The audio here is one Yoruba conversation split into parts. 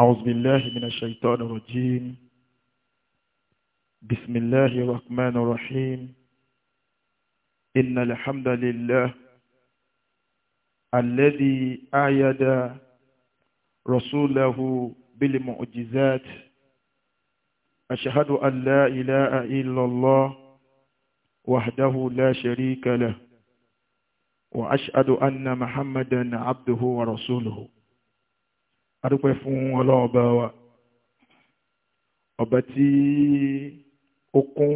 أعوذ بالله من الشيطان الرجيم بسم الله الرحمن الرحيم إن الحمد لله الذي أعيد رسوله بالمعجزات أشهد أن لا إله إلا الله وحده لا شريك له وأشهد أن محمدا عبده ورسوله adúpẹ́ fún ọlọ́run ọba wa ọba tí ó kún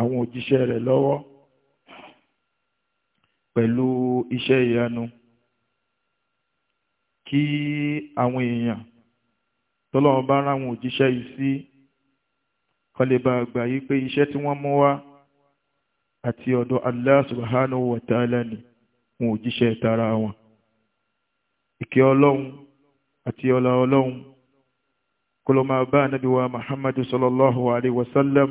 àwọn òjíṣẹ́ rẹ̀ lọ́wọ́ pẹ̀lú iṣẹ́ ìyanu kí àwọn èèyàn tọ́lọ́run bá ráwọn òjíṣẹ́ yìí sí kọ́ lè bá gbà yí pé iṣẹ́ tí wọ́n mú wá àti ọ̀dọ̀ tara wọn ìkẹ́ ọlọ́run àti ọlá ọlọ́run kó ló máa bá ànábì wa muhammadu sallallahu alayhi wa sallam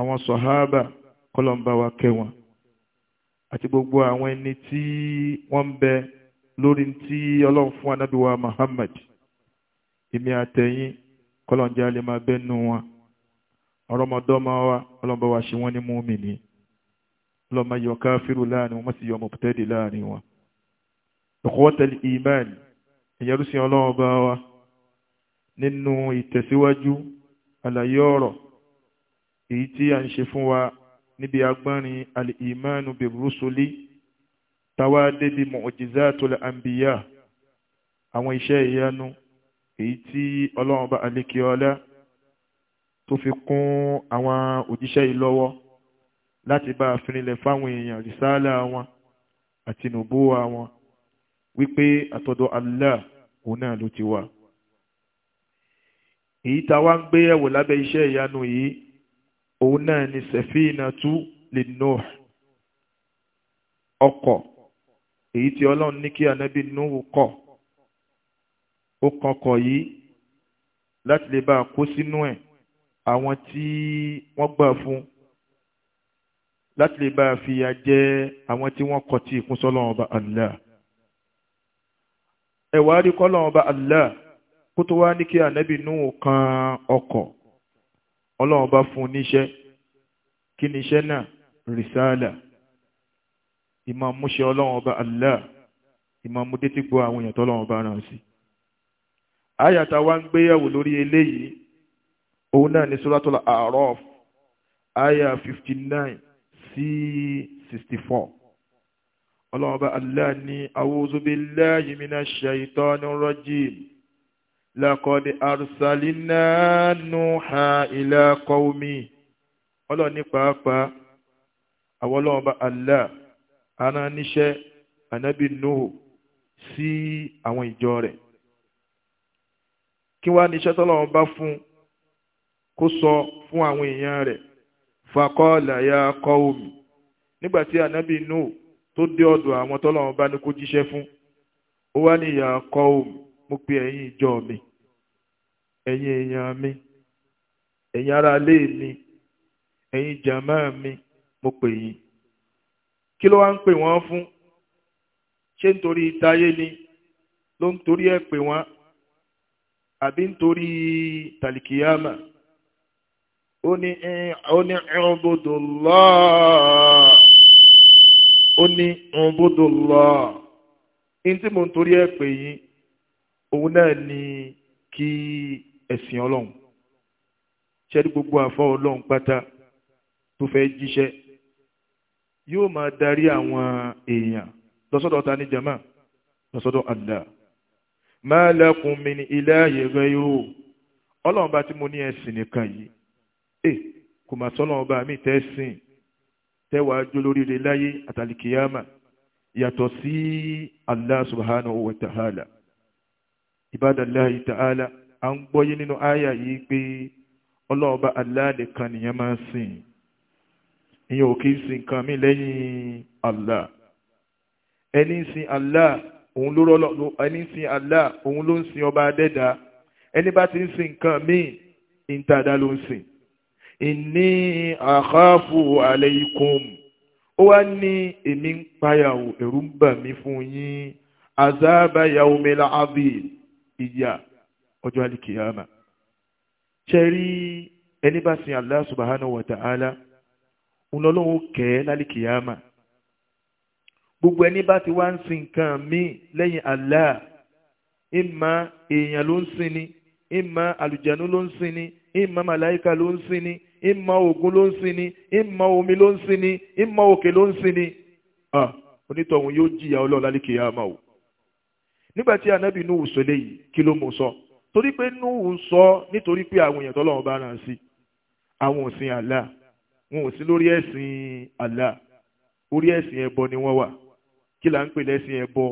àwọn sọ̀háàbà kó ló ń bá wa kẹwọn àti gbogbo àwọn ẹni tí wọ́n ń bẹ lórí tí ọlọ́run fún ànábì wa muhammad èmi àtẹ̀yìn kó ló ń jẹ́ alẹ́ máa wọn ọ̀rọ̀mọdọ́mọ wa ọlọ́mọba wa ṣe wọ́n ní múmìnì ọlọ́mọ yọ káfíru láàrin wọn sì yọ mọ̀pútẹ́dì láàrin wọn. ikhwatal iman ìyẹrúsìn ọlọ́run ọba wa nínú ìtẹ̀síwájú àlàyé ọ̀rọ̀ èyí tí a ń ṣe fún wa níbi agbọ́nrin al-imanu bir-rusuli táwa débi mu'jizatul anbiya àwọn iṣẹ́ ìyanu èyí tí ọlọ́run ọba àlékiọlá tó fi kún àwọn òjíṣẹ́ yìí lọ́wọ́ láti bá a fìrìnlẹ̀ fáwọn èèyàn rìsáálà wọn àti nùbúwà wọn wípé àtọ̀dọ̀ Allah òun náà ló ti wà èyí tá wá ń gbé ẹ̀wò lábẹ́ iṣẹ́ ìyanu yìí òun náà ni sẹ̀fínà tú lè nù ọkọ̀ èyí tí ọlọ́run ní kí anábì núhù kọ̀ ó kọkọ̀ yìí láti lè bá a kó sínú ẹ̀ àwọn tí wọ́n gbà fún láti lè bá a fìyà jẹ àwọn tí wọ́n kọ̀ tí ìkúnsọ́lọ́run ọba Allah ẹ̀wà rí kọ́lọ́n ọba Allah kó tó wá ní kí ànábì Nuhu kan ọkọ̀ ọlọ́run bá fún níṣẹ́ kí níṣẹ́ náà rìsáàlà ìmọ̀ múṣe ọlọ́run ọba Allah ìmọ̀ múdé tí gbọ́ àwọn èèyàn tọ́lọ́run bá ràn sí. àyàtà wa ń gbéyàwó lórí eléyìí òun náà ní Suratul A'raf àyà fifty nine sí sixty four ọlọ́run bá Allah ní a'udhu billahi minash shaitanir rajim laqad arsalna nuha ila qaumi ọlọ́run ní pàápàá àwọn ọlọ́run bá Allah ara níṣẹ́ ànábì Nuhu sí àwọn ìjọ rẹ̀ kí wá níṣẹ́ tọ́lọ́run bá fún kó sọ fún àwọn èèyàn rẹ̀ faqala ya qaumi nígbà tí tó dé ọ̀dọ̀ àwọn tọ́lọ́run bá ní kó jíṣẹ́ fún ó wá ní ìyá ọkọ omi mo pe ẹ̀yin ìjọ mi ẹ̀yin èèyàn mi ẹ̀yin ará ilé mi ẹ̀yin jàmá mi mo pè yín kí ló wá ń pè wọ́n fún ṣé nítorí ìtayé ni ló ń torí ẹ̀ pè wọ́n àbí nítorí tàlìkìyàmà ó ní ẹ̀rọ gbọdọ̀ lọ́ọ̀ ó ní ọ̀bùdó lọ ní tí mo ń torí ẹ̀ pè yín òun náà ni kí ẹ̀sìn ọlọ́run ṣẹ́rí gbogbo àfọ́ ọlọ́run pátá tó fẹ́ jíṣẹ́ yóò máa darí àwọn èèyàn lọ́sọ́dọ̀ ta ní jama lọ́sọ́dọ̀ Allah ma lakum min ilahin ghayruhu ọlọ́run bá tí mo ní ẹ̀sìn nìkan yìí kò mà sọ́lọ́run bá mi tẹ́ sìn tẹ́wàá jó lóríire láyé àtàlìkìyàmà yàtọ̀ sí Allah subhanahu wa ta'ala ibadallahi ta'ala a ń gbọ́yé nínú àyà yìí pé ọlọ́ọ̀bá Allah nìkan nìyẹn máa ń sìn ìyẹn ò kí ń sìn nǹkan mí lẹ́yìn Allah ẹni ń sìn Allah òun ló rọ́lọ́ ẹni ń sìn Allah òun ló ń sìn ọba adẹ́dàá ẹni bá ti ń sìn nǹkan míì ń ló ń sìn inni àkáàfù alaykum ó wá ní èmi ń payàwó ẹ̀rù ń bà mí fún yín azaba yaumil adhim ìyà ọjọ́ alìkìyàmà ṣẹ́rí ẹni bá sin Allah subhanahu wa ta'ala ọlọ́run kẹ́ lálìkìyàmà gbogbo ẹni bá ti wá ń sin nǹkan míì lẹ́yìn Allah ìmọ̀ èèyàn ló ń sin ni ìmọ̀ àlùjànnú ló ń sin ni ìmọ̀ màláìka ló ń sin ni ìmọ̀ ló ń sin ni ìmọ̀ omi ló ń sin ni ìmọ̀ òkè ló ń sin ni onítọ̀hún yóò jìyà ọlọ́run lálẹ́ kìí àmà o nígbà tí anábì núhù sọ léyìí kí ló mú sọ torí pé núhù sọ nítorí pé àwọn èèyàn tọ́lọ́run bá ràn sí àwọn ò sin Allah wọn ò sí lórí ẹ̀sìn Allah orí ẹ̀sìn ẹbọ ni wọ́n wà kí là ń pè lẹ́sìn ẹbọ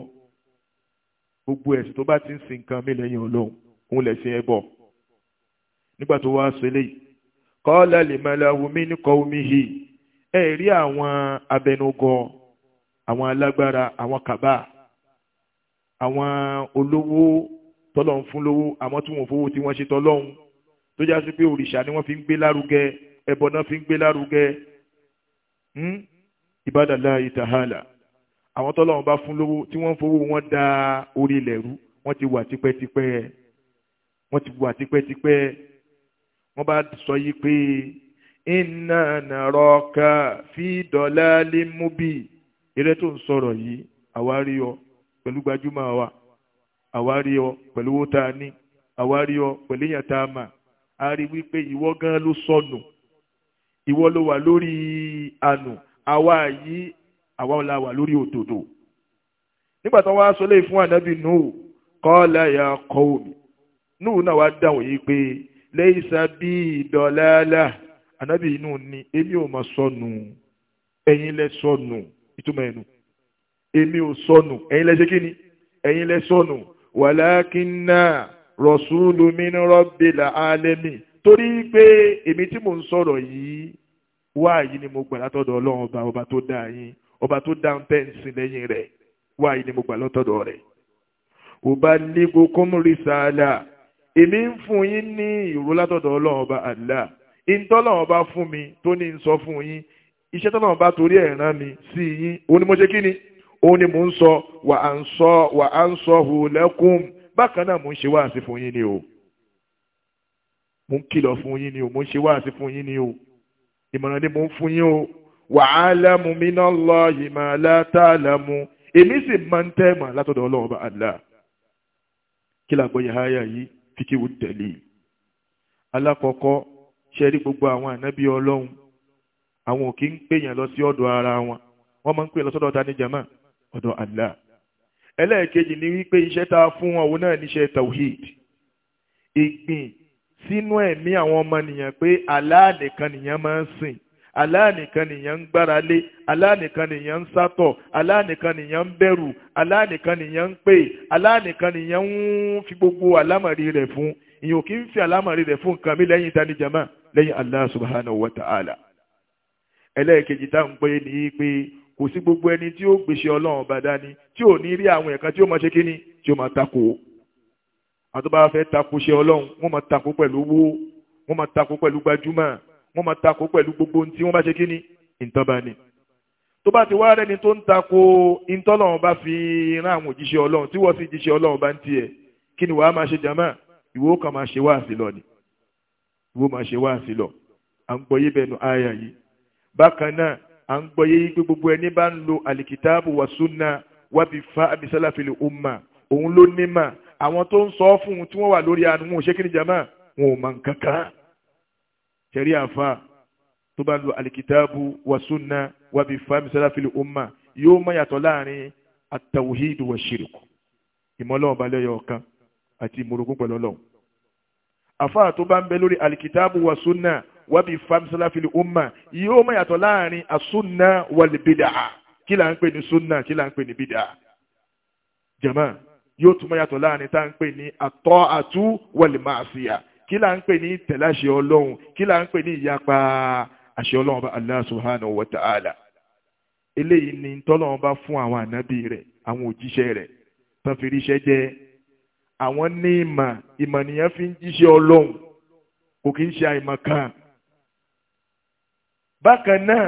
gbogbo ẹ̀sìn tó bá ti ń sin nǹkan mí lẹ́yìn ọlọ́run òun lẹ̀sìn ẹbọ nígbà tó wá ṣe léyìí kọ́lá lè máa láwo mí ní kọ́ omi hì ẹ rí àwọn abẹnugan àwọn alágbára àwọn kàbá àwọn olówó tọ́lọ̀ ń fún lówó àmọ́ tí wọ́n fowó tí wọ́n ṣe tọ́lọ́hún tó já sí pé òrìṣà ni wọ́n fi ń gbé lárugẹ ẹbọ náà fi ń gbé lárugẹ ìbádàlá hmm? ìtàhálà àwọn tọ́lọ́hún bá fún lówó tí wọ́n fowó wọn da orí ilẹ̀ rú wọ́n ti wà tipẹ́tipẹ́ wọ́n ti wà tipẹ́tipẹ́ wọ́n bá sọ yìí pé iná nàrọ̀ ká fi dọ̀lá lé mú bí eré tó ń sọ̀rọ̀ yìí àwárí ọ pẹ̀lú gbajúmọ̀ wa àwárí ọ pẹ̀lú owó tá a ní àwárí ọ pẹ̀lú èèyàn tá a mà á rí wípé ìwọ gan ló sọnù ìwọ ló wà lórí ànù àwa yìí àwa la wà lórí òdodo nígbà tó wá sọ fún ànábì nù kọ́ láyà kọ́ òmì nù náà wá dáhùn yìí pé lẹ́yìísá bí ìdọ̀láàlà ànábì inú ni èmi ò máa sọnù ẹ̀yin lẹ sọnù ìtumọ̀ ẹ̀nu èmi ò sọnù ẹ̀yin lẹ ṣe kí ni ẹ̀yin lẹ sọnù wàlákínà rọ̀ṣúlù min rabbil alamin torí pé èmi tí mò ń sọ̀rọ̀ yìí wá yìí ni mo gbà látọ̀dọ̀ ọlọ́run ọba ọba tó dá yín ọba tó dá ń tẹ̀sí lẹ́yìn rẹ̀ wá yìí ni mo gbà látọ̀dọ̀ rẹ̀. ubaligukum risala èmi ń fún yín ní ìró látọ̀dọ̀ ọlọ́run ọba Allah fún mi tó ní sọ fún yín iṣẹ́ tọ́lọ́run torí ẹ̀ rán mi sí yín òun ni mo ṣe kí ni òun ni mò ń sọ wà á ń sọ wà á ń sọ hù lẹ́kùn bákan náà mò ń ṣe wáàsí fún yín ni o mò ń kìlọ̀ fún yín ni o mò ń ṣe wáàsí fún yín ni o ìmọ̀ràn ni mò ń fún yín o wà á lẹ́mu mi náà lọ ìmọ̀ látà lẹ́mu èmi sì máa ń tẹ́ mọ̀ látọ̀dọ̀ ọlọ́run ọba kí làgbọ́yẹ̀ háyà yìí kíkíwù tẹ̀lé alákọ̀ọ́kọ́ ṣe rí gbogbo àwọn anabi ọlọ́run àwọn o ki ń pèèyàn lọ sí ọ̀dọ̀ ara wọn wọ́n máa ń pè lọ sọ́dọ̀ ta jama ọ̀dọ̀ Allah ẹlẹ́ẹ̀kejì ni wípé iṣẹ́ tá a fún wọn òun náà níṣẹ́ tawhid ìgbìn sínú ẹ̀mí àwọn ọmọ nìyẹn pé Allah nìkan nìyẹn máa ń sìn aláàníkan nìyẹn ń gbára lé aláàníkan nìyẹn ń sátọ̀ aláàníkan nìyẹn ń bẹ̀rù aláàníkan nìyẹn ń pè aláàníkan nìyẹn ń fi gbogbo àlámọ̀rí rẹ̀ fún ìyẹn ò kí ń fi àlámọ̀rí rẹ̀ fún nǹkan mi lẹ́yìn tani lẹ́yìn Allah subhanahu wa ta'ala ẹlẹ́ẹ̀kejì tá à ń pè ní pé kò sí gbogbo ẹni tí ó gbèsè ọlọ́run bá dání tí ò ní rí àwọn ẹ̀ka tí ó máa ṣe kíni wọ́n máa takò pẹ̀lú owó wọ́n máa takò pẹ̀lú gbajúmọ̀ wọ́n máa takò pẹ̀lú gbogbo ohun tí wọ́n bá ṣe kí ni ìtàn bá ní. tó bá ti wá rẹ́ni tó ń takò ìtọ́lọ́run bá fi rán àwọn òjíṣẹ́ ọlọ́run tí wọ́n sì jíṣẹ́ ọlọ́run bá ń tiẹ̀ kí ni wàá máa ṣe jàmá ìwọ kan máa ṣe wáàsí lọ ni ìwọ máa ṣe wáàsí lọ à ń gbọ́yé bẹ́ẹ̀nu àyà yìí bákan náà à ń gbọ́yé yìí pé gbogbo ẹni bá ń lo alikitaabu wa sunna wa bi fa abisalafili umma òun ló ní mà àwọn tó ń sọ fún un tí wọ́n wà lórí anu wọn ò ṣe kí ni jàmá wọn ò mọ nǹkan kan ṣẹ̀rí àfa tó bá lo alikitaabu wa sunna wa bi fa misala fili umma yóò má yàtọ̀ láàrin atawuhidu wa shiriku ìmọ̀lọ́wọ́n balẹ̀ yọ ọ̀kan àti ìmọ̀rọ̀gún pẹ̀lú ọlọ́run àfa tó bá ń bẹ lórí alikitaabu wa sunna wa bi fa misala fili umma yóò má yàtọ̀ láàrin asunna wal bid'a kí là ń pè ní sunna kí là ń pè ní bid'a jama yóò tún má yàtọ̀ láàrin tá à ń pè ní atọ́ àtú wal ma'asiya kí là ń pè ní tẹ̀lé àṣẹ ọlọ́run kí là ń pè ní ìyapa àṣẹ ọlọ́run Allah subhanahu wa ta'ala eléyìí ni tọ́lọ́run bá fún àwọn ànábì rẹ̀ àwọn òjíṣẹ́ rẹ̀ tán fi ríṣẹ́ jẹ́ àwọn ní ìmọ̀ fi ń jíṣẹ́ ọlọ́run kò kí ń ṣe àìmọ̀ kan bákan náà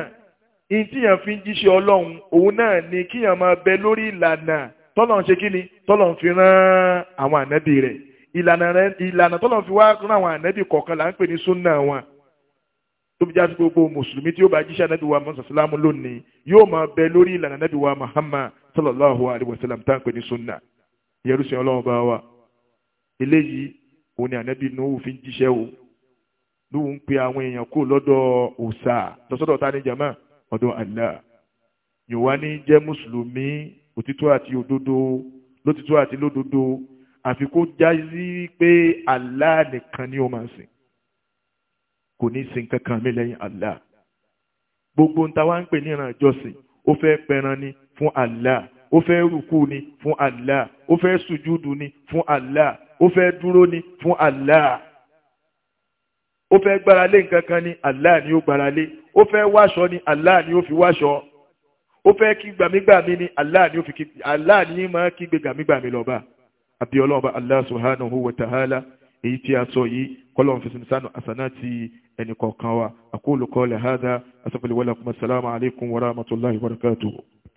ìtìyàn fi ń jíṣẹ́ ọlọ́run òun náà ni kíyàn máa bẹ lórí ìlànà tọ́lọ́run ṣe kí ni tọ́lọ́run fi rán ìlànà rẹ ìlànà tọ́lọ̀ fi wá rán àwọn ànábì kọ̀ọ̀kan là ń pè ní súnà wọn tó fi já sí gbogbo mùsùlùmí tí ó bá jíṣẹ́ ànábì wa muhammad sallallahu lónìí yóò máa bẹ lórí ìlànà ànábì wa muhammad sallallahu alayhi wa sallam tá à ń pè ní súnà yẹrùsìn ọlọ́run bá wa eléyìí òun ni ànábì nuhu fi ń jíṣẹ́ o nuhu ń pe àwọn èèyàn kú lọ́dọ̀ òòṣà lọ́sọ́dọ̀ ta ni jama ọ̀dọ̀ allah yòówá ní jẹ́ mùsùlùmí òtítọ́ àti òdodo lótítọ́ àti lódodo àfi kó jásí pé Allah nìkan ni ó máa sìn kò ní sin kankan mi lẹ́yìn Allah gbogbo ń ta wá ń pè ní ìran ìjọsìn ó fẹ́ pẹran ni fún Allah ó fẹ́ rùkú ni fún Allah ó fẹ́ sùjúdù ni fún Allah ó fẹ́ dúró ni fún Allah ó fẹ́ gbára lé nǹkan kan ni Allah ni ó gbára lé ó fẹ́ wáṣọ ni Allah ni ó fi wáṣọ ó fẹ́ kí gbàmígbàmí ni Allah ni ó fi kí Allah ni máa kí gbé gbàmígbàmí lọ́ba àbí ọlọ́ọ̀bá Allah subhanahu wa ta'ala èyí tí a sọ yìí kọ́lọ̀ fi sinmi sánú àsánà ti ẹnì kọ̀ọ̀kan wa aqulu qawli hadha asafẹ́lẹ́wọ́lá alaykum wa rahmatulahi wa barakatuhu.